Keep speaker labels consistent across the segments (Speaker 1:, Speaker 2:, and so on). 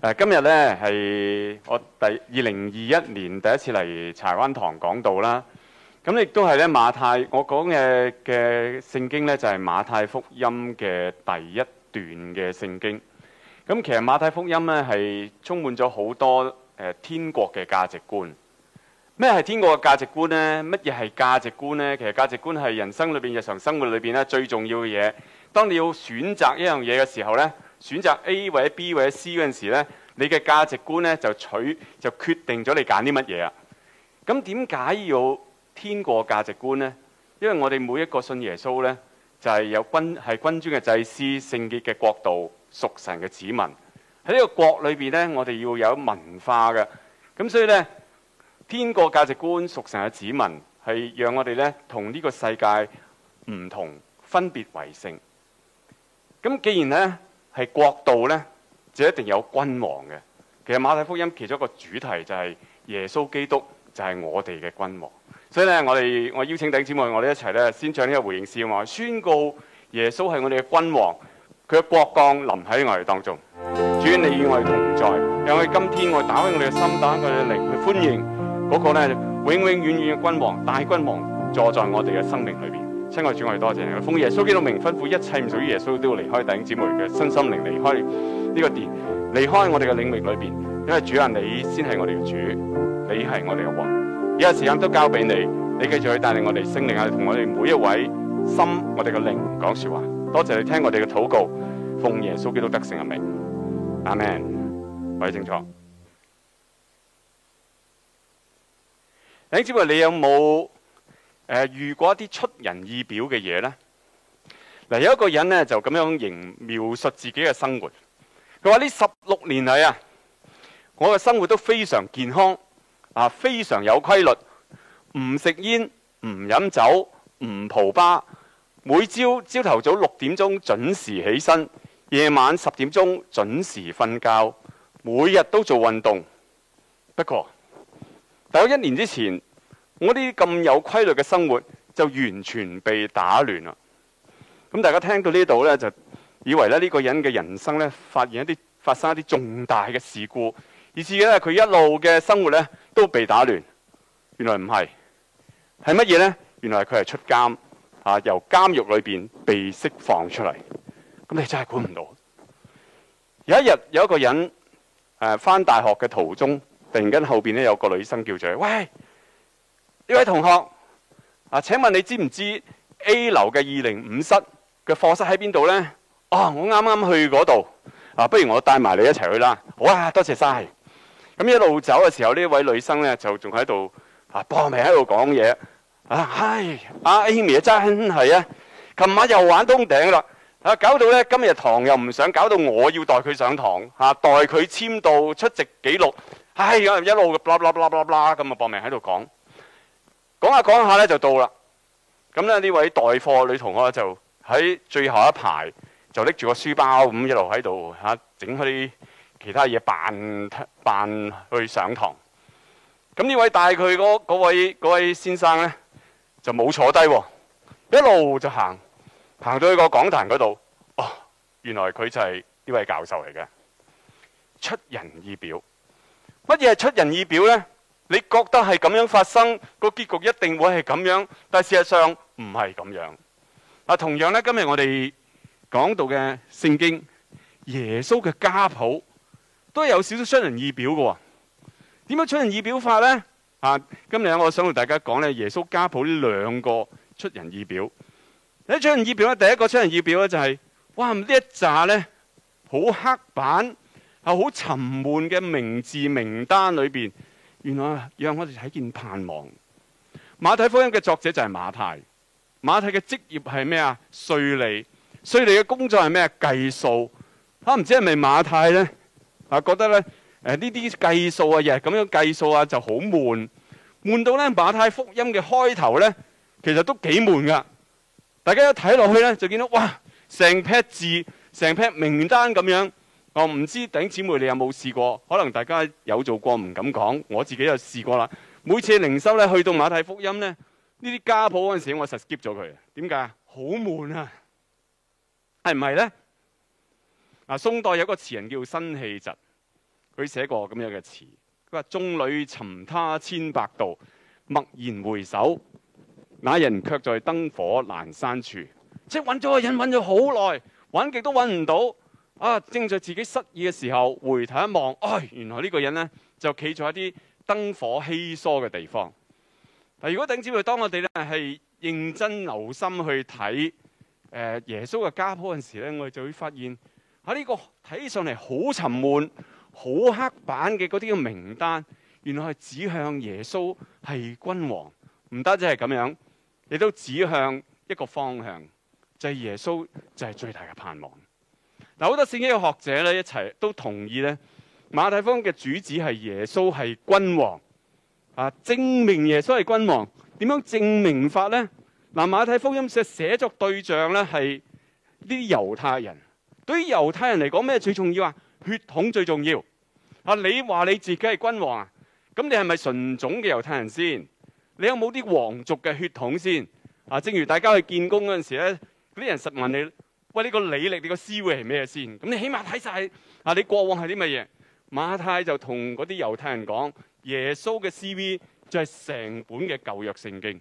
Speaker 1: 誒今日咧係我第二零二一年第一次嚟柴灣堂講道啦，咁亦都係咧馬太，我講嘅嘅聖經咧就係馬太福音嘅第一段嘅聖經。咁其實馬太福音咧係充滿咗好多誒天國嘅價值觀。咩係天國嘅價值觀呢？乜嘢係價值觀呢？其實價值觀係人生裏邊、日常生活裏邊咧最重要嘅嘢。當你要選擇一樣嘢嘅時候咧，選擇 A 或者 B 或者 C 嗰陣時咧，你嘅價值觀咧就取就決定咗你揀啲乜嘢啊！咁點解要天國價值觀咧？因為我哋每一個信耶穌咧，就係、是、有君係君尊嘅祭司、聖潔嘅國度、屬神嘅子民。喺呢個國裏邊咧，我哋要有文化嘅。咁所以咧，天國價值觀、屬神嘅子民係讓我哋咧同呢個世界唔同，分別為聖。咁既然咧，係國度咧就一定有君王嘅。其實馬太福音其中一個主題就係耶穌基督就係我哋嘅君王。所以咧，我哋我邀請弟兄姊妹，我哋一齊咧先將呢個回應詩啊宣告耶穌係我哋嘅君王，佢嘅國降臨喺我哋當中。主你與我哋同在，讓我哋今天我打開我哋嘅心，打開我嘅靈去歡迎嗰個咧永永遠遠嘅君王大君王坐在我哋嘅生命裏邊。親愛主，我哋多謝你，奉耶穌基督名，吩咐一切唔屬於耶穌都要離開弟兄姊妹嘅身心靈，離開呢個殿，離開我哋嘅領域裏邊，因為主啊你，你先係我哋嘅主，你係我哋嘅王。而家時間都交俾你，你繼續去帶領我哋聖靈啊，同我哋每一位心、我哋嘅靈講說話。多謝你聽我哋嘅禱告，奉耶穌基督得勝嘅名，阿們。位正座，弟兄姊妹，你有冇？誒、呃，如果一啲出人意表嘅嘢呢，嗱，有一個人呢就咁樣形描述自己嘅生活。佢話：呢十六年嚟啊，我嘅生活都非常健康，啊，非常有規律，唔食煙，唔飲酒，唔蒲吧。每朝朝頭早六點鐘準時起身，夜晚十點鐘準時瞓覺，每日都做運動。不過，但係我一年之前，我呢啲咁有規律嘅生活就完全被打亂啦。咁大家聽到呢度呢，就以為呢個人嘅人生呢，發現一啲發生一啲重大嘅事故，而至於呢，佢一路嘅生活呢，都被打亂。原來唔係，係乜嘢呢？原來佢係出監啊，由監獄裏面被釋放出嚟。咁你真係估唔到。有一日有一個人返翻、呃、大學嘅途中，突然間後面呢，有個女生叫住佢：「喂！呢位同學啊？請問你知唔知 A 樓嘅二零五室嘅課室喺邊度咧？啊、哦！我啱啱去嗰度啊，不如我帶埋你一齊去啦。好啊，多謝晒！咁一路走嘅時候，呢位女生咧就仲喺度啊，搏命喺度講嘢啊。唉，阿 Amy 真係啊，琴晚又玩通頂啦啊，搞到咧今日堂又唔想，搞到我要代佢上堂吓，代佢簽到出席記錄。唉、哎，一路噏噏噏噏噏啦咁啊，搏命喺度講。講下講下咧就到啦，咁咧呢位代課女同學就喺最後一排就拎住個書包咁一路喺度吓，整開啲其他嘢，扮扮去上堂。咁呢位帶佢嗰位嗰位先生咧就冇坐低，一路就行行到去個講壇嗰度，哦，原來佢就係呢位教授嚟嘅，出人意表。乜嘢係出人意表咧？你覺得係咁樣發生個結局一定會係咁樣，但係事實上唔係咁樣。嗱，同樣咧，今日我哋講到嘅聖經耶穌嘅家譜都係有少少出人意表嘅。點樣出人意表法咧？啊，今日咧，我想同大家講咧，耶穌家譜呢兩個出人意表。喺出人意表咧，第一個出人意表咧就係哇，呢一紮咧好黑板係好沉悶嘅名字名單裏邊。原來啊，讓我哋睇見盼望。馬太福音嘅作者就係馬太，馬太嘅職業係咩啊？稅吏，稅吏嘅工作係咩？計數。啊，唔知係咪馬太咧啊，覺得咧誒呢啲計數啊嘢咁樣計數啊就好悶，悶到咧馬太福音嘅開頭咧，其實都幾悶㗎。大家一睇落去咧，就見到哇，成撇字，成撇名單咁樣。我、哦、唔知頂姊妹你有冇試過，可能大家有做過，唔敢講。我自己有試過啦。每次靈修咧，去到馬太福音咧，呢啲家譜嗰陣時，我實 skip 咗佢。點解？好悶啊！係唔係呢？啊，宋代有個詞人叫辛棄疾，佢寫過咁樣嘅詞。佢話：眾裏尋他千百度，驀然回首，那人卻在燈火闌珊處。即揾咗個人，揾咗好耐，揾極都揾唔到。啊！正在自己失意嘅時候，回頭一望，哎、哦，原來呢個人咧就企喺一啲燈火稀疏嘅地方。嗱，如果等住佢，當我哋咧係認真留心去睇，誒、呃，耶穌嘅家譜嗰陣時咧，我哋就會發現喺呢、啊呢個睇上嚟好沉悶、好刻板嘅啲嘅名單，原來係指向耶穌係君王。唔單止係咁樣，亦都指向一個方向，就係、是、耶穌就係最大嘅盼望。有好多聖經嘅學者咧一齊都同意咧，馬太福音嘅主旨係耶穌係君王啊，證明耶穌係君王，點樣證明法咧？嗱，馬太福音嘅寫作對象咧係啲猶太人，對於猶太人嚟講咩最重要啊？血統最重要啊！你話你自己係君王啊？咁你係咪純種嘅猶太人先？你有冇啲皇族嘅血統先？啊，正如大家去見工嗰陣時咧，嗰啲人實問你。喂、這個！你、這個履歷，你個 C.V. 係咩先？咁你起碼睇晒，啊！你過往係啲乜嘢？馬太就同嗰啲猶太人講，耶穌嘅 C.V. 就係成本嘅舊約聖經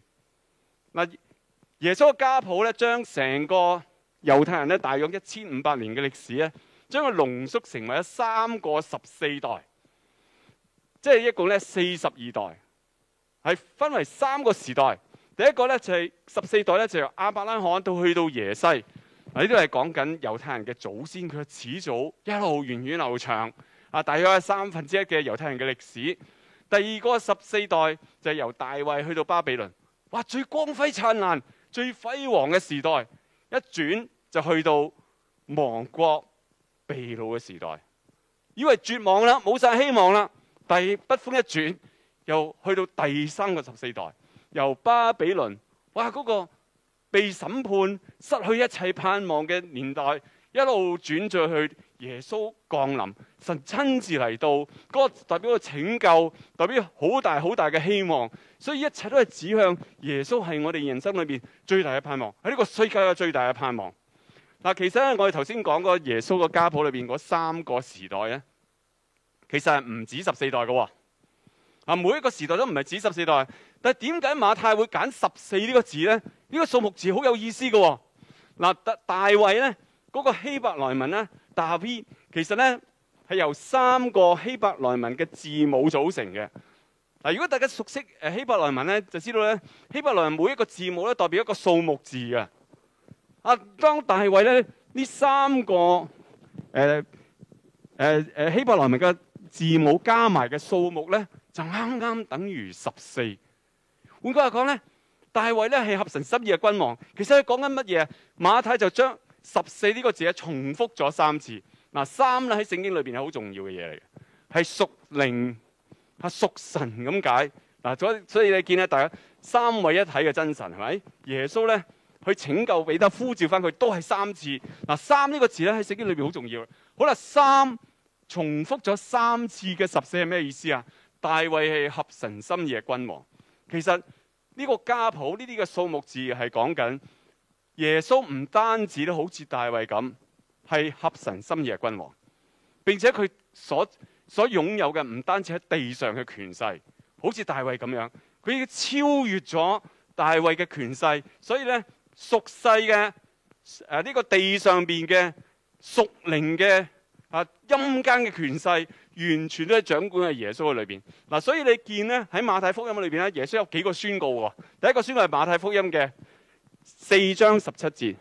Speaker 1: 嗱。耶穌嘅家譜咧，將成個猶太人咧，大約一千五百年嘅歷史咧，將佢濃縮成為咗三個十四代，即係一共咧四十二代，係分為三個時代。第一個咧就係、是、十四代咧，就由亞伯拉罕到去到耶西。呢啲係講緊猶太人嘅祖先，佢始祖一路源遠流長。啊，大約係三分之一嘅猶太人嘅歷史。第二個十四代就係、由大衛去到巴比倫，哇！最光輝燦爛、最輝煌嘅時代，一轉就去到亡國被擄嘅時代，以為絕望啦，冇晒希望啦。但北風一轉，又去到第三個十四代，由巴比倫，哇！嗰、嗰個～被審判、失去一切盼望嘅年代，一路轉着去耶穌降臨，神親自嚟到，嗰個代表嗰個拯救，代表好大好大嘅希望。所以一切都係指向耶穌，係我哋人生裏邊最大嘅盼望，喺呢個世界嘅最大嘅盼望。嗱，其實咧，我哋頭先講過耶穌嘅家譜裏邊嗰三個時代咧，其實係唔止十四代嘅，啊，每一個時代都唔係指十四代。但係點解馬太會揀十四呢個字咧？呢個數目字好有意思嘅喎，嗱，大大衛咧嗰個希伯來文咧，大 V 其實咧係由三個希伯來文嘅字母組成嘅。嗱，如果大家熟悉誒希伯來文咧，就知道咧希伯來文每一個字母咧代表一個數目字嘅。啊，當大衛咧呢三個誒誒誒希伯來文嘅字母加埋嘅數目咧就啱啱等於十四。換句話講咧。大衛咧係合神心意嘅君王，其實佢講緊乜嘢？馬太就將十四呢個字啊重複咗三次。嗱，三咧喺聖經裏邊係好重要嘅嘢嚟嘅，係屬靈、係屬神咁解。嗱，所所以你見咧，大家三位一體嘅真神係咪？耶穌咧去拯救彼得，呼召返佢都係三次。嗱，三呢個字咧喺聖經裏邊好重要。好啦，三重複咗三次嘅十四係咩意思啊？大衛係合神心意嘅君王，其實。呢、這個家譜呢啲嘅數目字係講緊耶穌唔單止都好似大衛咁，係合神心意嘅君王，並且佢所所擁有嘅唔單止喺地上嘅權勢，好似大衛咁樣，佢已經超越咗大衛嘅權勢，所以咧屬世嘅誒呢個地上面嘅屬靈嘅啊陰間嘅權勢。完全都喺掌管嘅耶穌嘅裏邊嗱、啊，所以你見咧喺馬太福音裏邊咧，耶穌有幾個宣告喎。第一個宣告係馬太福音嘅四章十七節，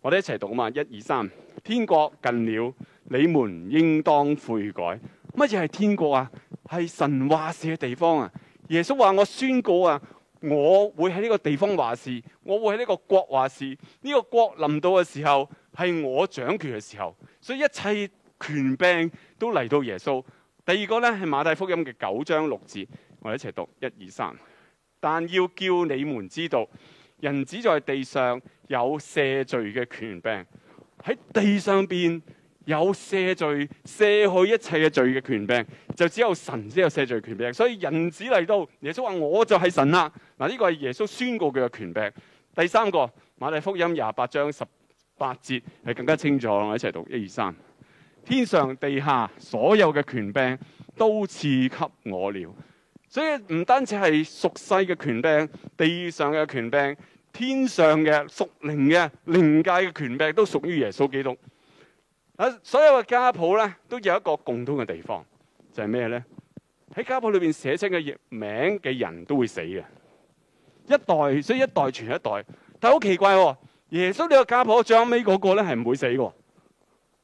Speaker 1: 我哋一齊讀啊嘛，一二三，天國近了，你們應當悔改。乜嘢係天國啊？係神話事嘅地方啊。耶穌話我宣告啊，我會喺呢個地方話事，我會喺呢個國話事。呢個國臨到嘅時候係我掌權嘅時候，所以一切。權柄都嚟到耶穌。第二個咧係馬太福音嘅九章六字。我哋一齊讀一二三。但要叫你們知道，人子在地上有赦罪嘅權柄，喺地上邊有赦罪、赦去一切嘅罪嘅權柄，就只有神先有赦罪權柄。所以人子嚟到耶穌話我就係神啦。嗱、這、呢個係耶穌宣告佢嘅權柄。第三個馬太福音廿八章十八節係更加清楚，我一齊讀一二三。天上地下所有嘅權柄都賜給我了，所以唔單止係屬世嘅權柄，地上嘅權柄，天上嘅、屬靈嘅、靈界嘅權柄都屬於耶穌基督。啊，所有嘅家譜咧，都有一個共通嘅地方，就係咩咧？喺家譜裏邊寫清嘅名嘅人都會死嘅，一代所以一代傳一代。但係好奇怪，哦，耶穌呢個家譜最後尾嗰個咧係唔會死喎。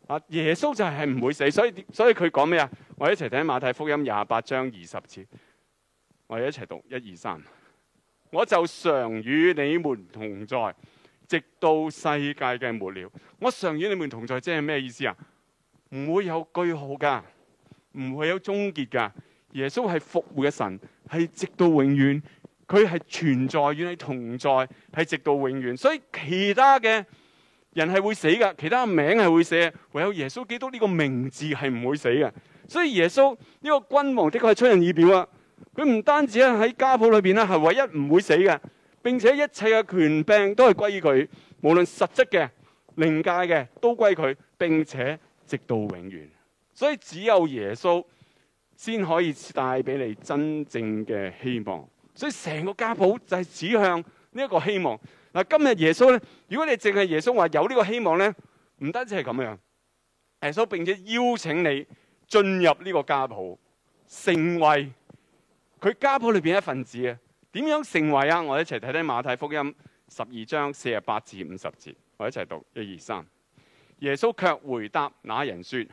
Speaker 1: 啊！耶穌就係唔會死，所以所以佢講咩啊？我哋一齊睇馬太福音廿八章二十次，我哋一齊讀一二三。我就常與你們同在，直到世界嘅末了。我常與你們同在，即係咩意思啊？唔會有句號噶，唔會有終結噶。耶穌係復活嘅神，係直到永遠，佢係存在，與你同在，係直到永遠。所以其他嘅，人係會死噶，其他名係會死，唯有耶穌基督呢個名字係唔會死嘅。所以耶穌呢個君王的確係出人意表啊！佢唔單止喺家譜裏邊咧係唯一唔會死嘅，並且一切嘅權柄都係歸佢，無論實質嘅、靈界嘅，都歸佢，並且直到永遠。所以只有耶穌先可以帶俾你真正嘅希望。所以成個家譜就係指向呢一個希望。嗱，今日耶穌咧，如果你淨係耶穌話有呢個希望咧，唔單止係咁樣，耶穌並且邀請你進入呢個家譜，成為佢家譜裏邊一份子啊！點樣成為啊？我一齊睇睇馬太福音十二章四十八至五十節，我一齊讀一二三。耶穌卻回答那人說：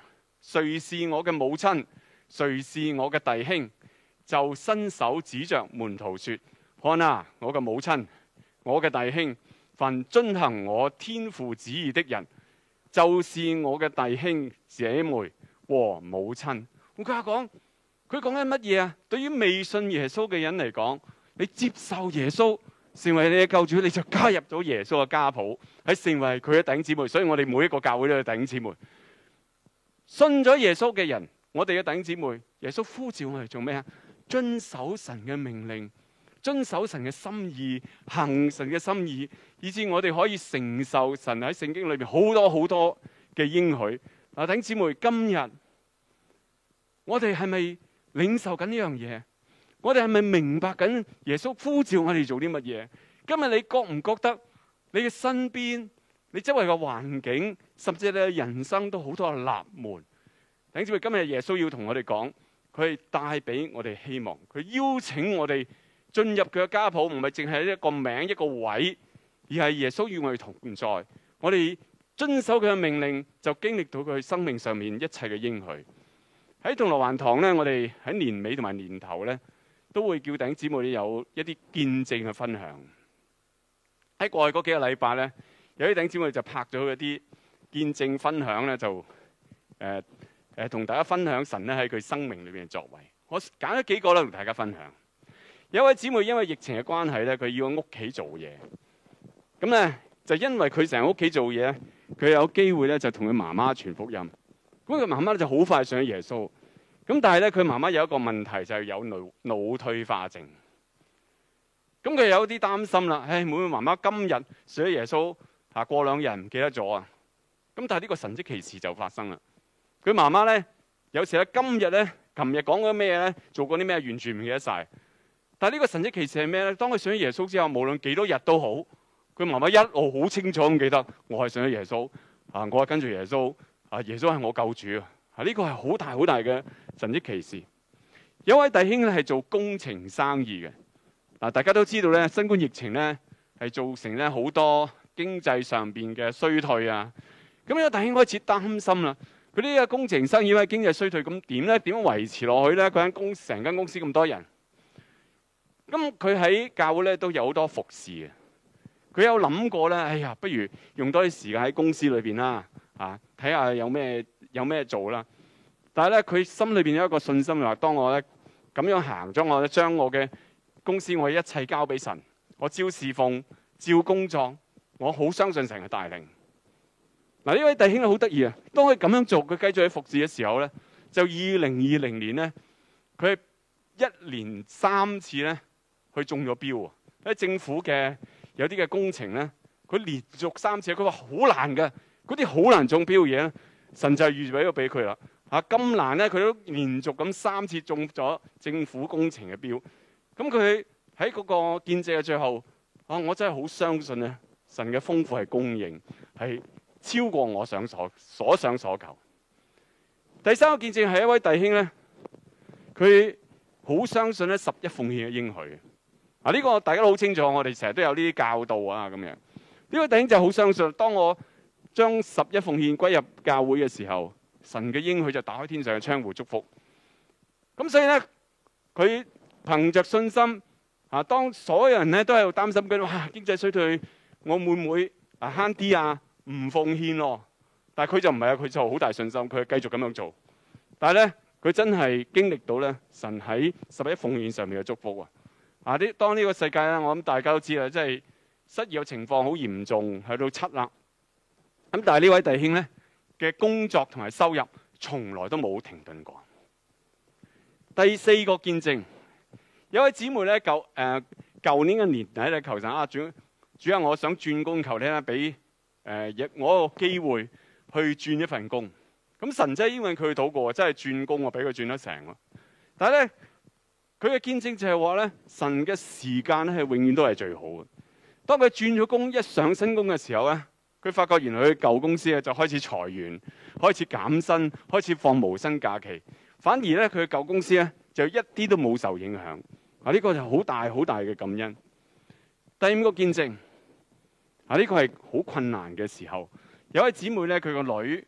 Speaker 1: 誰是我嘅母親？誰是我嘅弟兄？就伸手指着門徒說：看啊，我嘅母親。我嘅弟兄，凡遵行我天父旨意的人，就是我嘅弟兄姐妹和母親。我家講，佢講緊乜嘢啊？對於未信耶穌嘅人嚟講，你接受耶穌成為你嘅救主，你就加入咗耶穌嘅家譜，係成為佢嘅弟兄姊妹。所以我哋每一個教會都有弟兄姊妹。信咗耶穌嘅人，我哋嘅弟兄姊妹，耶穌呼召我哋做咩啊？遵守神嘅命令。遵守神嘅心意，行神嘅心意，以至我哋可以承受神喺聖經裏邊好多好多嘅應許。啊，弟姊妹，今日我哋係咪領受緊呢樣嘢？我哋係咪明白緊耶穌呼召我哋做啲乜嘢？今日你覺唔覺得你嘅身邊、你周圍嘅環境，甚至你嘅人生都好多嘅攔門？弟姊妹，今日耶穌要同我哋講，佢係帶俾我哋希望，佢邀請我哋。進入佢嘅家譜唔係淨係一個名一個位，而係耶穌與我哋同在。我哋遵守佢嘅命令，就經歷到佢生命上面一切嘅應許。喺銅鑼灣堂咧，我哋喺年尾同埋年頭咧，都會叫頂姊妹有一啲見證嘅分享。喺過去嗰幾個禮拜咧，有啲頂姊妹就拍咗一啲見證分享咧，就誒誒同大家分享神咧喺佢生命裏邊嘅作為。我揀咗幾個咧同大家分享。有位姊妹，因為疫情嘅關係咧，佢要喺屋企做嘢。咁咧就因為佢成日喺屋企做嘢咧，佢有機會咧就同佢媽媽傳福音。咁佢媽媽咧就好快就信咗耶穌。咁但係咧，佢媽媽有一個問題就係、是、有腦腦退化症。咁佢有啲擔心啦。唉、哎，妹妹媽媽今日信咗耶穌，嚇過兩日唔記得咗啊！咁但係呢個神蹟奇事就發生啦。佢媽媽咧有時咧今日咧，琴日講咗咩嘢咧，做過啲咩完全唔記得晒。但係呢個神蹟奇事係咩咧？當佢信咗耶穌之後，無論幾多日都好，佢媽媽一路好清楚咁記得，我係信咗耶穌，啊，我係跟住耶穌，啊，耶穌係我救主啊！呢個係好大好大嘅神蹟奇事。有位弟兄咧係做工程生意嘅，嗱，大家都知道咧，新冠疫情咧係造成咧好多經濟上邊嘅衰退啊。咁有位弟兄開始擔心啦，佢呢個工程生意喺經濟衰退咁點咧？點樣維持落去咧？佢間公成間公司咁多人。咁佢喺教會咧都有好多服侍嘅，佢有諗過咧，哎呀，不如用多啲時間喺公司裏邊啦，啊，睇下有咩有咩做啦。但係咧，佢心裏邊有一個信心，就話當我咧咁樣行咗，我咧將我嘅公司我一切交俾神，我照侍奉照工作，我好相信神嘅大靈。嗱，呢位弟兄咧好得意啊，當佢咁樣做佢繼續喺服侍嘅時候咧，就二零二零年咧，佢一年三次咧。佢中咗標喎，喺政府嘅有啲嘅工程咧，佢連續三次，佢話好難嘅，嗰啲好難中標嘅嘢咧，神就係預備咗俾佢啦。吓，咁難咧，佢都連續咁三次中咗政府工程嘅標，咁佢喺嗰個見證嘅最後，啊，我真係好相信咧，神嘅豐富係供應，係超過我所所想所求。第三個見證係一位弟兄咧，佢好相信咧十一奉獻嘅應許。嗱、這、呢個大家都好清楚，我哋成日都有呢啲教導啊咁樣。呢、這個弟兄就好相信，當我將十一奉獻歸入教會嘅時候，神嘅應許就打開天上嘅窗戶祝福。咁所以咧，佢憑着信心吓、啊，當所有人咧都喺度擔心緊，哇，經濟衰退，我會唔會啊慳啲啊，唔、啊、奉獻咯？但係佢就唔係啊，佢就好大信心，佢繼續咁樣做。但係咧，佢真係經歷到咧神喺十一奉獻上面嘅祝福啊！啊！呢當呢個世界咧，我諗大家都知道，即係失業情況好嚴重，去到七啦。咁但係呢位弟兄咧嘅工作同埋收入，從來都冇停頓過。第四個見證，有位姊妹咧，舊誒舊年嘅年底咧求神啊，主主啊、呃，我想轉工，求你啦，俾誒我個機會去轉一份工。咁、嗯、神真因為佢禱告，真係轉工，我俾佢轉得成喎。但係咧。佢嘅見證就係話咧，神嘅時間咧係永遠都係最好嘅。當佢轉咗工，一上新工嘅時候咧，佢發覺原來佢舊公司啊就開始裁員，開始減薪，開始放無薪假期，反而咧佢舊公司咧就一啲都冇受影響。啊，呢個就好大好大嘅感恩。第五個見證啊，呢個係好困難嘅時候，有位姊妹咧，佢個女。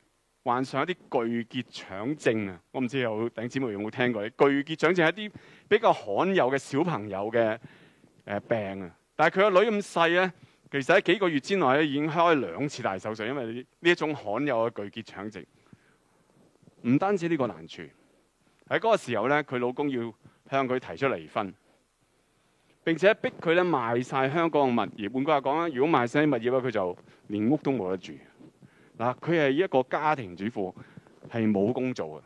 Speaker 1: 患上一啲巨結腸症啊！我唔知有頂姊妹有冇聽過？巨結腸症係一啲比較罕有嘅小朋友嘅誒病啊！但係佢個女咁細咧，其實喺幾個月之內咧已經開兩次大手術，因為呢一種罕有嘅巨結腸症。唔單止呢個難處，喺嗰個時候咧，佢老公要向佢提出離婚，並且逼佢咧賣晒香港嘅物業。換句話講啦，如果賣晒啲物業咧，佢就連屋都冇得住。嗱，佢係一個家庭主婦，係冇工做嘅。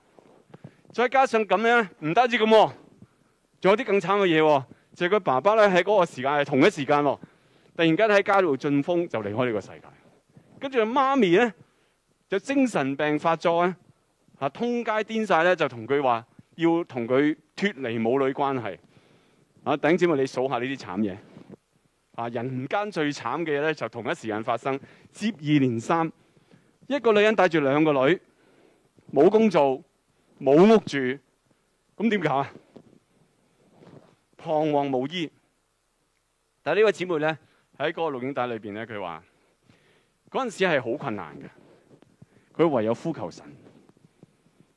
Speaker 1: 再加上咁樣唔單止咁喎，仲有啲更慘嘅嘢喎。就係佢爸爸咧喺嗰個時間係同一時間喎，突然間喺街度進風就離開呢個世界。跟住媽咪咧就精神病發作咧，通街癲晒咧就同佢話要同佢脫離母女關係啊！頂姐妹，你數下呢啲慘嘢啊！人間最慘嘅咧就同一時間發生，接二連三。一個女人帶住兩個女，冇工做，冇屋住，咁點解啊？彷徨無依。但係呢位姊妹咧喺嗰個錄影帶裏邊咧，佢話嗰陣時係好困難嘅，佢唯有呼求神，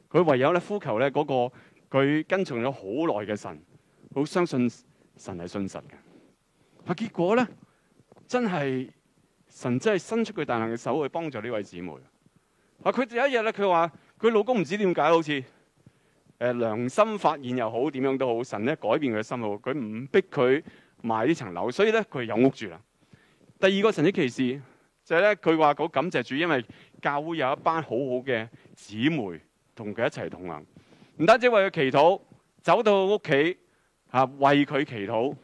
Speaker 1: 佢唯有咧呼求咧、那、嗰個佢跟從咗好耐嘅神，好相信神係信實嘅。但結果咧，真係。神真係伸出佢大量嘅手去幫助呢位姊妹。啊，佢有一日咧，佢話：佢老公唔知點解，好似誒良心發現又好，點樣都好，神咧改變佢嘅心路，佢唔逼佢賣呢層樓，所以咧佢有屋住啦。第二個神的奇事就係咧，佢話好感謝主，因為教會有一班好好嘅姊妹同佢一齊同行，唔單止為佢祈禱，走到屋企啊為佢祈禱。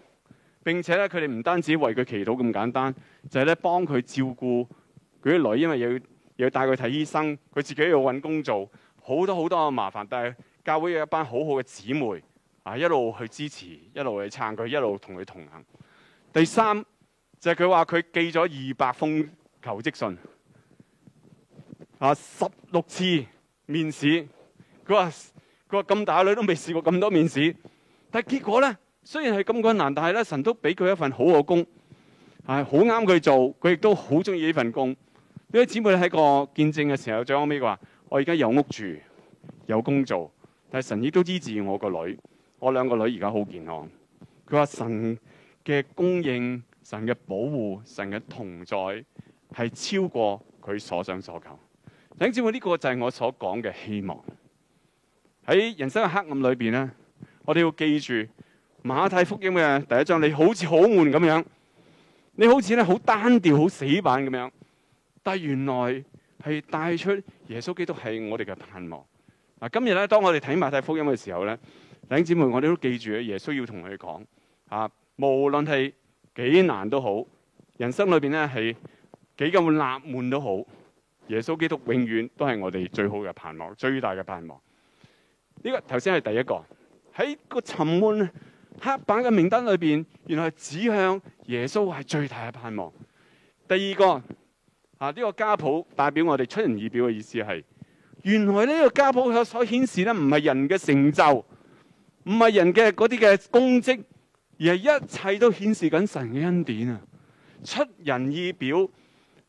Speaker 1: 並且咧，佢哋唔單止為佢祈禱咁簡單，就係咧幫佢照顧佢啲女，因為要又要帶佢睇醫生，佢自己又要搵工做，好多好多嘅麻煩。但係教會有一班好好嘅姊妹啊，一路去支持，一路去撐佢，一路同佢同行。第三就係佢話佢寄咗二百封求職信，啊十六次面試，佢話佢話咁大女都未試過咁多面試，但係結果咧。雖然係咁困難，但係咧神都俾佢一份好嘅工，係好啱佢做，佢亦都好中意呢份工。呢位姊妹喺個見證嘅時候，最後尾話：我而家有屋住，有工做，但係神亦都支持我個女，我兩個女而家好健康。佢話神嘅供應、神嘅保護、神嘅同在，係超過佢所想所求。啲姊妹呢個就係我所講嘅希望。喺人生嘅黑暗裏邊咧，我哋要記住。馬太福音嘅第一章，你好似好悶咁樣，你好似咧好單調、好死板咁樣。但係原來係帶出耶穌基督係我哋嘅盼望。嗱、啊，今日咧當我哋睇馬太福音嘅時候咧，弟兄姊妹，我哋都記住，耶穌要同你講。啊，無論係幾難都好，人生裏邊咧係幾咁納悶都好，耶穌基督永遠都係我哋最好嘅盼望，最大嘅盼望。呢個頭先係第一個，喺個沉悶。黑板嘅名單裏面，原來係指向耶穌係最大嘅盼望。第二個啊，呢個家譜代表我哋出人意表嘅意思係原來呢個家譜所顯示咧，唔係人嘅成就，唔係人嘅嗰啲嘅功績，而係一切都顯示緊神嘅恩典啊！出人意表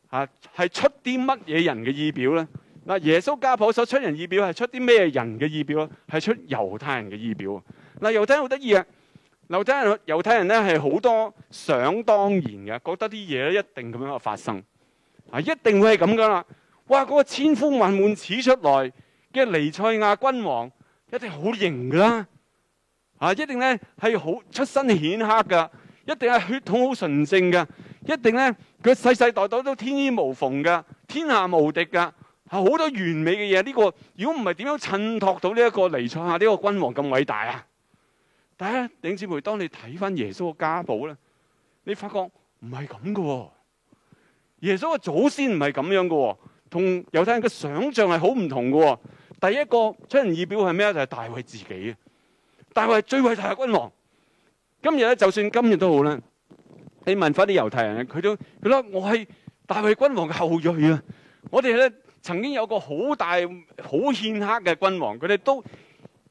Speaker 1: 啊，係出啲乜嘢人嘅意表咧？嗱、啊，耶穌家譜所出人意表係出啲咩人嘅意，意表？係出猶太人嘅意表。嗱，猶太人好得意啊！猶太人，猶太人咧係好多想當然嘅，覺得啲嘢咧一定咁樣嘅發生，啊一定會係咁噶啦。哇，嗰個千呼萬喚始出來嘅尼賽亞君王，一定好型噶啦，啊一定咧係好出身顯赫噶，一定係血統好純正噶，一定咧佢世世代代都天衣無縫噶，天下無敵噶，係好多完美嘅嘢。呢、這個如果唔係點樣襯托到呢一個尼賽亞呢個君王咁偉大啊？但係啊，弟兄姊妹，當你睇翻耶穌嘅家譜咧，你發覺唔係咁嘅喎。耶穌嘅祖先唔係咁樣嘅喎，同猶太人嘅想像係好唔同嘅喎。第一個出人意表係咩？就係大衛自己啊！大衛最偉大嘅君王。今日咧，就算今日都好啦，你問翻啲猶太人，佢都佢話：我係大衛君王嘅後裔啊！我哋咧曾經有個好大好顯赫嘅君王，佢哋都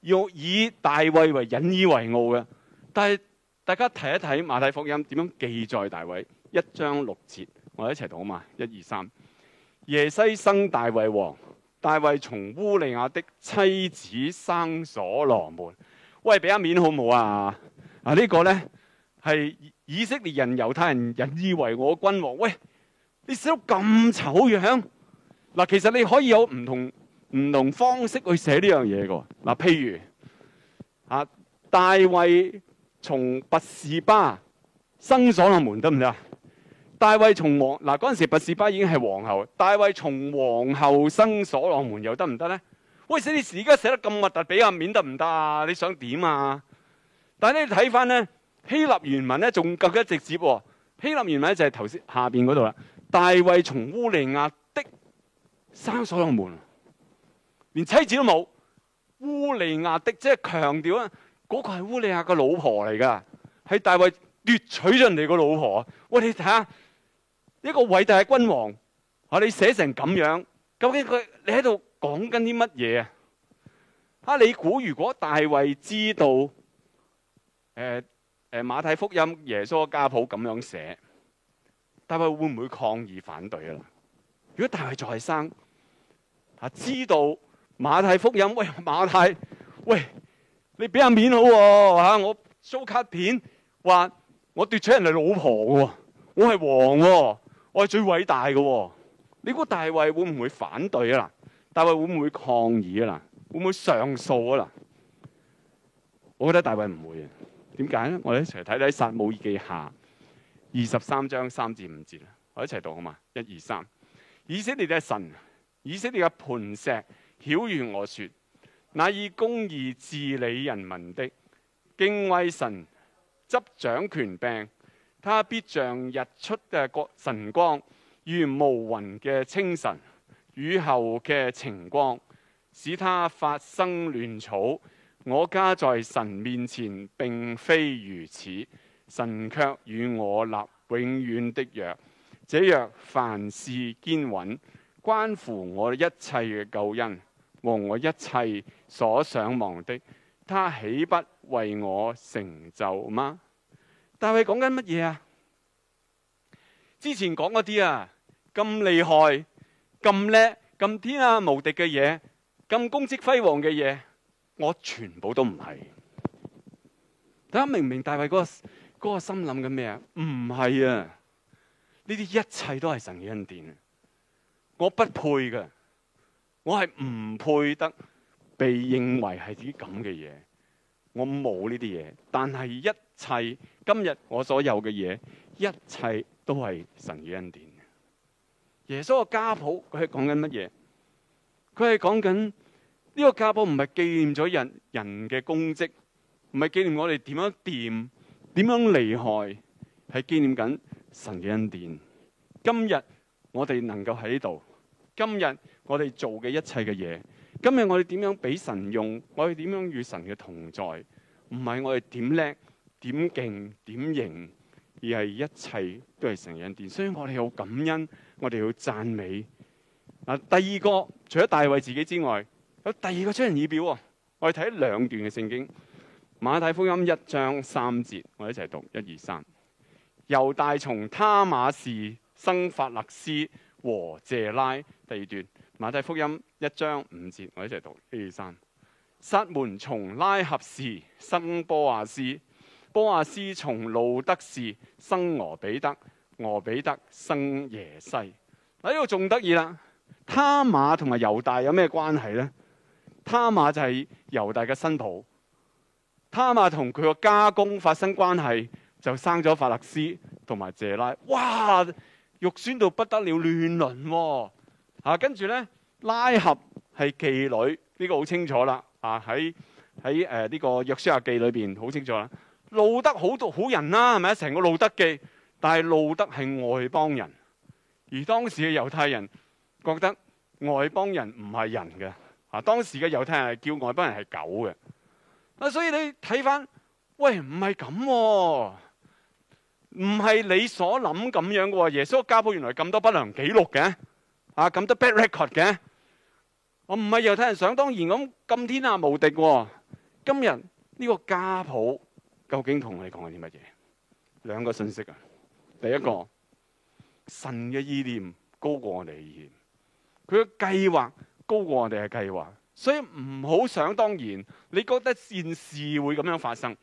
Speaker 1: 要以大衛為引以為傲嘅，但係大家睇一睇馬太福音點樣記載大衛一章六節我，我哋一齊讀嘛，一二三，耶西生大衛王，大衛從烏利亞的妻子生所羅門。喂，俾一面好冇啊！啊、這個、呢個咧係以色列人、猶太人引以為傲嘅君王。喂，你寫到咁醜樣？嗱，其實你可以有唔同。唔同方式去寫呢樣嘢嘅。嗱，譬如啊，大衛從拔士巴生所羅門得唔得啊？大衛從王嗱，嗰陣時拔士巴已經係皇后，大衛從皇后生所羅門又得唔得咧？喂，寫你字而家寫得咁核突，比較面得唔得啊？你想點啊？但係你睇翻咧希臘原文咧仲更加直接喎。希臘原文，呢夠夠、哦、希臘原文呢就係頭先下邊嗰度啦，大衛從烏利亞的生所羅門。連妻子，都冇，烏利亞的即係強調啊，嗰個係烏利亞個老婆嚟噶係大衛奪取咗人哋個老婆。喂，你睇下一個偉大嘅君王，吓，你寫成咁樣，究竟佢你喺度講緊啲乜嘢啊？吓，你估如果大衛知道，誒誒馬太福音耶穌家譜咁樣寫，大衛會唔會抗議反對啊？如果大衛在生，吓，知道？馬太福音喂，馬太喂，你俾阿面好吓、哦？我 show 卡片，話我奪取人哋老婆喎、哦，我係王喎、哦，我係最偉大嘅、哦。你估大衛會唔會反對啊？嗱，大衛會唔會抗議啊？嗱，會唔會上訴啊？嗱，我覺得大衛唔會嘅。點解咧？我哋一齊睇睇《撒母耳記下》二十三章三至五節啦。我一齊讀啊嘛，一二三。以色列嘅神，以色列嘅磐石。曉如我說，那以公義治理人民的敬畏神執掌權柄，他必像日出嘅晨光，如無雲嘅清晨、雨後嘅晴光，使他發生嫩草。我家在神面前並非如此，神卻與我立永遠的約，這約凡事堅穩，關乎我一切嘅救恩。和我一切所想望的，他豈不為我成就嗎？大衛講緊乜嘢啊？之前講嗰啲啊，咁厲害、咁叻、咁天下無敵嘅嘢，咁功績輝煌嘅嘢，我全部都唔係。大家明唔明大衛嗰、嗰個、嗰個心諗緊咩啊？唔係啊，呢啲一切都係神嘅恩典，我不配噶。我係唔配得被認為係自己咁嘅嘢，我冇呢啲嘢。但係一切今日我所有嘅嘢，一切都係神嘅恩典的。耶穌個家譜佢係講緊乜嘢？佢係講緊呢個家譜唔係紀念咗人人嘅功績，唔係紀念我哋點樣掂點樣厲害，係紀念緊神嘅恩典。今日我哋能夠喺度。今日我哋做嘅一切嘅嘢，今日我哋點樣俾神用，我哋點樣與神嘅同在，唔係我哋點叻、點勁、點型，而係一切都係神恩典，所以我哋好感恩，我哋要讚美。嗱，第二個除咗大衛自己之外，有第二個出人意表啊！我哋睇兩段嘅聖經，《馬太福音》一章三節，我哋一齊讀一二三。猶大從他馬士生法勒斯。和謝拉。第二段馬太福音一章五節，我一齊讀 A 三。撒門從拉合氏，生波亞斯，波亞斯從路德氏，生俄比德；俄比德，生耶西。嗱呢個仲得意啦！他馬同埋猶大有咩關係咧？他馬就係猶大嘅新抱，他馬同佢個家公發生關係，就生咗法勒斯同埋謝拉。哇！肉酸到不得了，亂倫嚇！跟住咧，拉合係妓女，呢個好清楚啦。啊，喺喺誒呢個約書亞記裏邊好清楚啦。路德好多好人啦，啊，係咪？成個路德記，但係路德係外邦人，而當時嘅猶太人覺得外邦人唔係人嘅。啊，當時嘅猶太人係叫外邦人係狗嘅。啊，所以你睇翻，喂，唔係咁喎。唔係你所諗咁樣嘅，耶穌嘅家譜原來咁多不良記錄嘅啊，咁多 bad record 嘅，我唔係猶太人想當然咁，今天啊無敵，今日呢個家譜究竟同我哋講緊啲乜嘢？兩個信息啊，第一個神嘅意念高過我哋嘅意念，佢嘅計劃高過我哋嘅計劃，所以唔好想當然，你覺得善事會咁樣發生，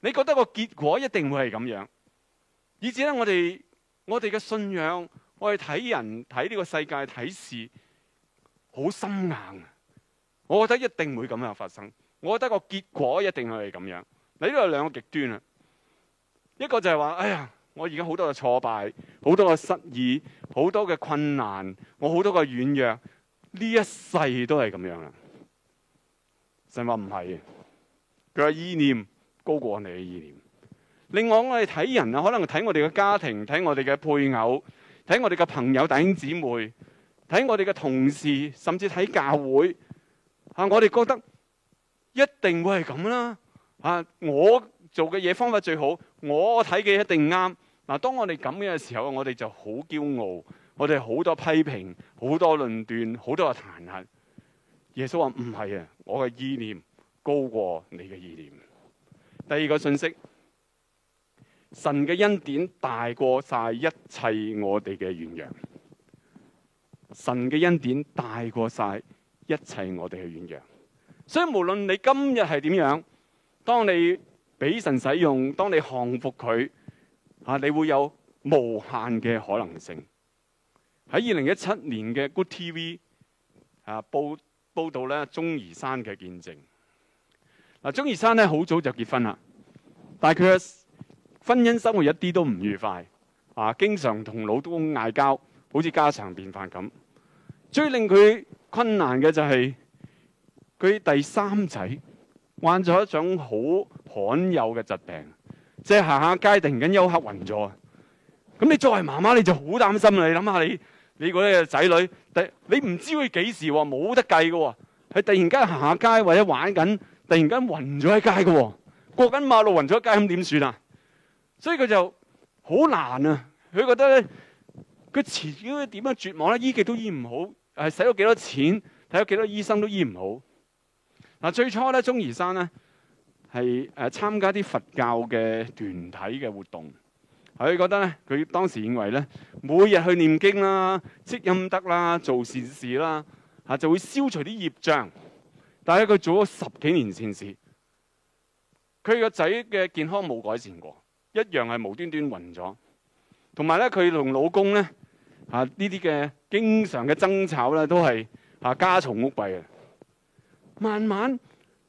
Speaker 1: 你覺得個結果一定會係咁樣。以至咧，我哋我哋嘅信仰，我哋睇人睇呢個世界睇事，好堅硬啊！我覺得一定會咁樣發生。我覺得個結果一定係咁樣。你呢度有兩個極端啊。一個就係話，哎呀，我而家好多嘅挫敗，好多嘅失意，好多嘅困難，我好多嘅軟弱，呢一世都係咁樣啊！神話唔係，佢嘅意念高過人哋嘅意念。另外，我哋睇人啊，可能睇我哋嘅家庭，睇我哋嘅配偶，睇我哋嘅朋友、弟兄姊妹，睇我哋嘅同事，甚至睇教會啊。我哋覺得一定會係咁啦。啊，我做嘅嘢方法最好，我睇嘅一定啱。嗱，當我哋咁嘅時候，我哋就好驕傲，我哋好多批評，好多論斷，好多嘅彈劾。耶穌話唔係啊，我嘅意念高過你嘅意念。第二個信息。神嘅恩典大過晒一切，我哋嘅軟弱。神嘅恩典大過晒一切，我哋嘅軟弱。所以無論你今日係點樣，當你俾神使用，當你降服佢，吓，你會有無限嘅可能性。喺二零一七年嘅 Good TV 啊，報報道咧，鍾儀山嘅見證嗱，鍾儀山咧好早就結婚啦，但係婚姻生活一啲都唔愉快啊！經常同老都嗌交，好似家常便飯咁。最令佢困難嘅就係佢第三仔患咗一種好罕有嘅疾病，即係行下街突然間休克暈咗啊！咁你作為媽媽，你就好擔心啊！你諗下，你你嗰啲仔女，第你唔知佢幾時冇得計㗎喎。佢突然間行下街或者玩緊，突然間暈咗喺街㗎喎，過緊馬路暈咗喺街，咁點算啊？所以佢就好難啊！佢覺得咧，佢遲啲點樣絕望咧？醫極都醫唔好，係使咗幾多錢，睇咗幾多醫生都醫唔好。嗱、啊，最初咧，鍾儀山咧係誒參加啲佛教嘅團體嘅活動，佢覺得咧，佢當時認為咧，每日去念經啦、積陰德啦、做善事啦，吓、啊、就會消除啲業障。但係佢做咗十幾年善事，佢個仔嘅健康冇改善過。一樣係無端端暈咗，同埋咧佢同老公咧嚇呢啲嘅經常嘅爭吵咧都係嚇家嘈屋閉啊！慢慢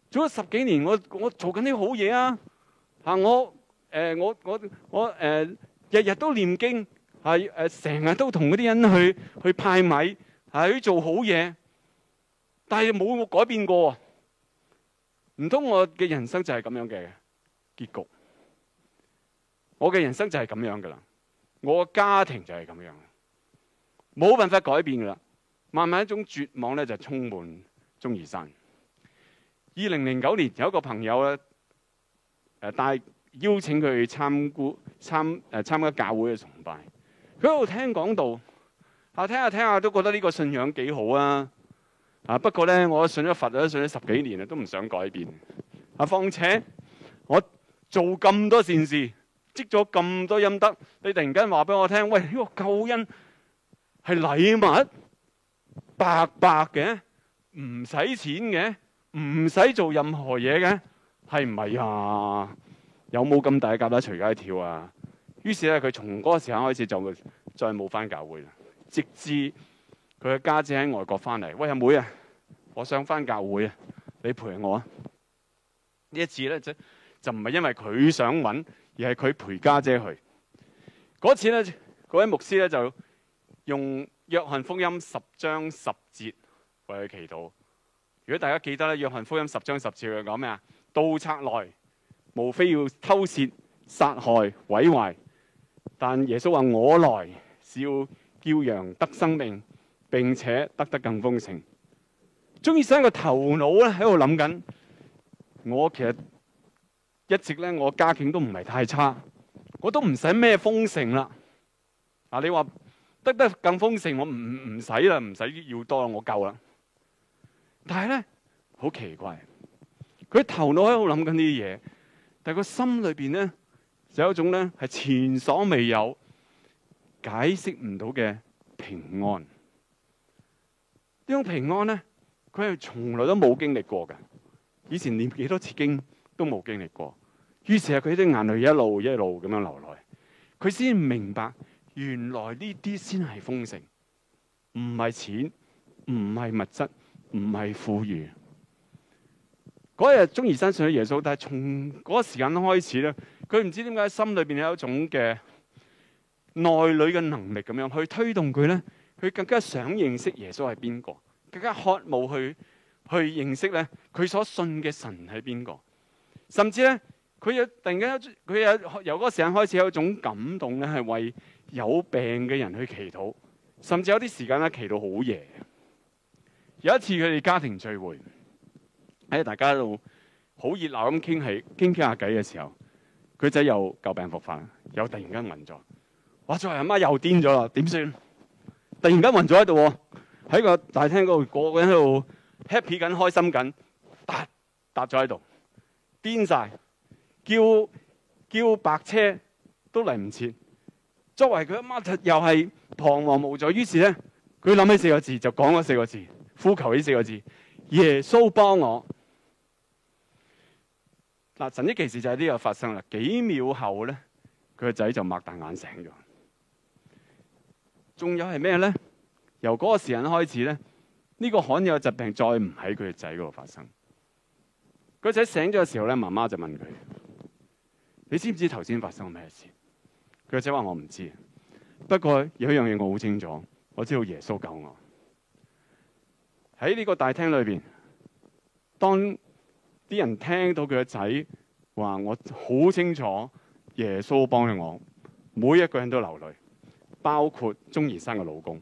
Speaker 1: 做咗十幾年，我我做緊啲好嘢啊！嚇我誒我我我誒日日都唸經嚇，誒成日都同嗰啲人去去派米，嚇去做好嘢，但係冇改變過，唔通我嘅人生就係咁樣嘅結局？我嘅人生就係咁樣噶啦，我嘅家庭就係咁樣的，冇辦法改變噶啦。慢慢一種絕望咧就充滿鍾如生。二零零九年有一個朋友咧誒帶邀請佢去參觀參誒參加教會嘅崇拜，佢喺度聽講道啊，聽下聽下都覺得呢個信仰幾好啊。啊，不過咧我信咗佛咧信咗十幾年啦，都唔想改變啊。況且我做咁多善事。積咗咁多陰德，你突然間話俾我聽，喂，呢個救恩係禮物，白白嘅，唔使錢嘅，唔使做任何嘢嘅，係唔係啊？有冇咁大蛤乸隨街跳啊！於是咧，佢從嗰個時候開始就再冇翻教會啦，直至佢嘅家姐喺外國翻嚟，喂，阿妹啊，我想翻教會啊，你陪我啊！呢一次咧，即就唔係因為佢想揾。而係佢陪家姐去。嗰次咧，嗰位牧師咧就用《約翰福音》十章十節為佢祈禱。如果大家記得咧，《約翰福音》十章十節佢講咩啊？盜賊來，無非要偷竊、殺害、毀壞。但耶穌話：我來是要叫羊得生命，並且得得更豐盛。鍾醫生個頭腦咧喺度諗緊，我其實，一直咧，我家境都唔係太差，我都唔使咩豐盛啦。你話得得更豐盛，我唔唔使啦，唔使要多啦，我夠啦。但係咧，好奇怪，佢頭腦喺度諗緊呢啲嘢，但佢心裏面咧，就有一種咧係前所未有、解釋唔到嘅平安。呢種平安咧，佢係從來都冇經歷過㗎，以前念幾多次經？都冇經歷過，於是啊，佢啲眼淚一路一路咁樣流落去。佢先明白，原來呢啲先係豐盛，唔係錢，唔係物質，唔係富裕。嗰日鐘兒相信咗耶穌，但係從嗰個時間開始咧，佢唔知點解心裏邊有一種嘅內裏嘅能力，咁樣去推動佢咧。佢更加想認識耶穌係邊個，更加渴望去去認識咧佢所信嘅神係邊個。甚至咧，佢有突然間，佢有由嗰個時間開始有一種感動咧，係為有病嘅人去祈禱。甚至有啲時間咧，祈到好夜。有一次佢哋家庭聚會，喺大家喺度好熱鬧咁傾起傾傾下偈嘅時候，佢仔又舊病復發，又突然間暈咗。哇！作為阿媽又癲咗啦，點算？突然間暈咗喺度，喺個大廳嗰度，個個喺度 happy 緊，開心緊，突笪咗喺度。癲曬，叫叫白車都嚟唔切。作為佢阿媽，媽，又係彷徨無助。於是咧，佢諗起四個字，就講咗四個字，呼求呢四個字：耶穌幫我嗱、啊。神蹟奇事就喺呢度發生啦！幾秒後咧，佢個仔就擘大眼醒咗。仲有係咩咧？由嗰個時間開始咧，呢、這個罕有嘅疾病再唔喺佢嘅仔嗰度發生。個仔醒咗嘅時候咧，媽媽就問佢，你知唔知頭先發生咩事？佢個仔話：我唔知，不過有一樣嘢我好清楚，我知道耶穌救我。喺呢個大廳裏邊，當啲人聽到佢個仔話：我好清楚耶穌幫咗我，每一個人都流淚，包括鐘如生嘅老公。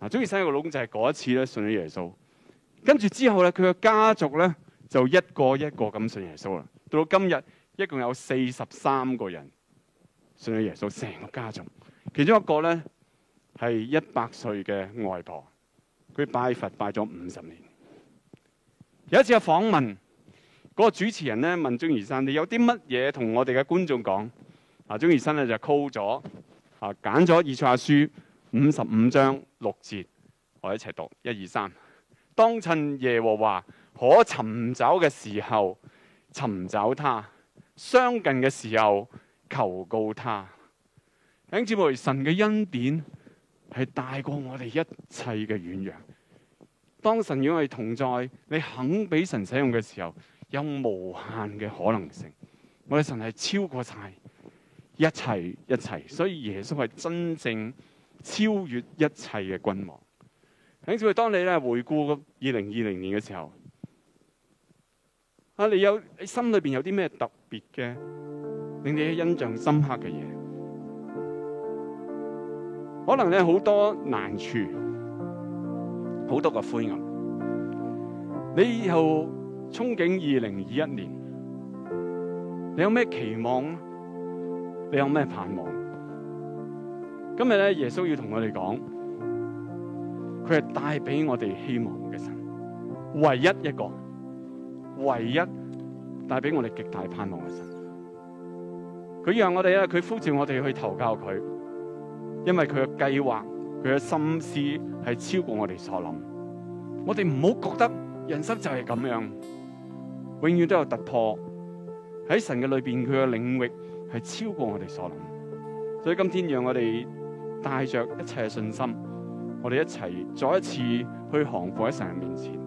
Speaker 1: 嗱，鐘如生嘅老公就係嗰一次咧，信咗耶穌，跟住之後咧，佢嘅家族咧。就一個一個咁信耶穌啦。到到今日，一共有四十三個人信咗耶穌，成個家族。其中一個咧係一百歲嘅外婆，佢拜佛拜咗五十年。有一次嘅訪問，嗰個主持人咧問鍾儀山，你有啲乜嘢同我哋嘅觀眾講？啊，鍾儀山咧就靠咗啊，揀咗以賽亞書五十五章六節，我一齊讀，一二三。當趁耶和華，可尋找嘅時候，尋找他；相近嘅時候，求告他。弟兄姊妹，神嘅恩典係大過我哋一切嘅軟弱。當神與我哋同在，你肯俾神使用嘅時候，有無限嘅可能性。我哋神係超過晒一切一切，所以耶穌係真正超越一切嘅君王。弟兄姊妹，當你咧回顧二零二零年嘅時候。啊！你有你心裏邊有啲咩特別嘅，令你印象深刻嘅嘢？可能你好多難處，好多個灰暗。你以後憧憬二零二一年，你有咩期望？你有咩盼望？今日咧，耶穌要同我哋講，佢係帶俾我哋希望嘅神，唯一一個。唯一帶俾我哋極大盼望嘅神，佢讓我哋啊，佢呼召我哋去投靠佢，因為佢嘅計劃，佢嘅心思係超過我哋所諗。我哋唔好覺得人生就係咁樣，永遠都有突破喺神嘅裏邊，佢嘅領域係超過我哋所諗。所以今天讓我哋帶着一切嘅信心，我哋一齊再一次去行過喺神嘅面前，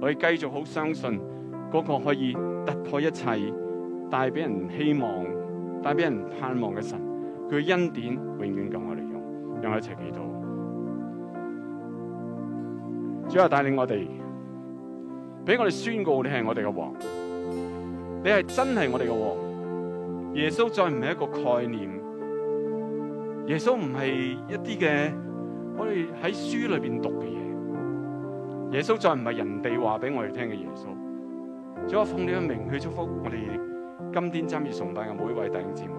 Speaker 1: 我哋繼續好相信。嗰、那個可以突破一切、帶俾人希望、帶俾人盼望嘅神，佢嘅恩典永遠夠我哋用。讓我一齊祈禱，主啊帶領我哋，俾我哋宣告你係我哋嘅王，你係真係我哋嘅王。耶穌再唔係一個概念，耶穌唔係一啲嘅我哋喺書裏邊讀嘅嘢，耶穌再唔係人哋話俾我哋聽嘅耶穌。主啊，奉你嘅名去祝福我哋，今天參與崇拜嘅每一位弟兄姊妹，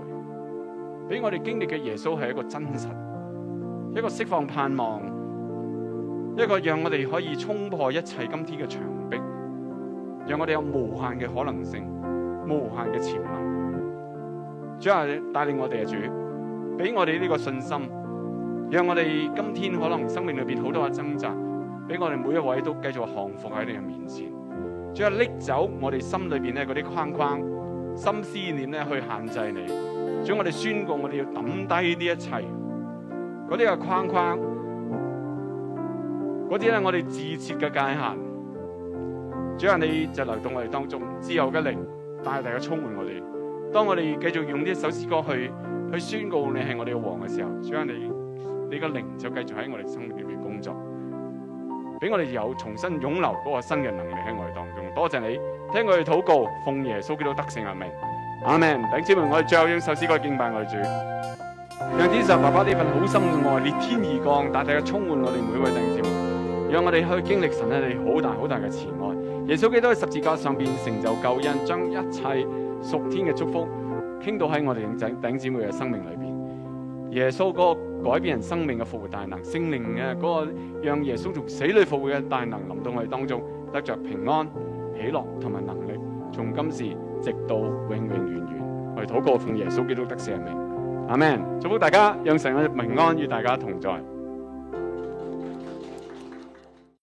Speaker 1: 俾我哋經歷嘅耶穌係一個真實，一個釋放盼望，一個讓我哋可以衝破一切今天嘅牆壁，讓我哋有無限嘅可能性，無限嘅潛能。主啊，帶領我哋嘅主，俾我哋呢個信心，讓我哋今天可能生命裡邊好多嘅掙扎，俾我哋每一位都繼續降伏喺你嘅面前。主啊，拎走我哋心裏邊咧嗰啲框框、心思念咧，去限制你。主，我哋宣告，我哋要抌低呢一切，嗰啲嘅框框，嗰啲咧我哋自設嘅界限。主啊，你就流到我哋當中，自由嘅靈大大嘅充滿我哋。當我哋繼續用呢一首詩歌去去宣告你係我哋嘅王嘅時候，主啊，你你嘅靈就繼續喺我哋生活裏面工作。俾我哋有重新湧流嗰個新嘅能力喺我哋當中，多謝你聽我哋禱告，奉耶穌基督得勝阿門，阿門。弟兄姊妹，我哋最後用首詩歌敬拜我主，讓天父爸爸呢份好心愛裂天而降，大大嘅充滿我哋每一位弟兄姊妹，讓我哋去經歷神喺你好大好大嘅慈愛。耶穌基督喺十字架上邊成就救恩，將一切屬天嘅祝福傾倒喺我哋弟兄姊妹嘅生命裏邊。耶穌哥。改變人生命嘅復活大能，聖靈嘅嗰個讓耶穌從死裏復活嘅大能臨到我哋當中，得着平安、喜樂同埋能力，從今時直到永永遠遠。我哋禱告奉耶穌基督的聖名，阿們，祝福大家，讓神嘅平安與大家同在。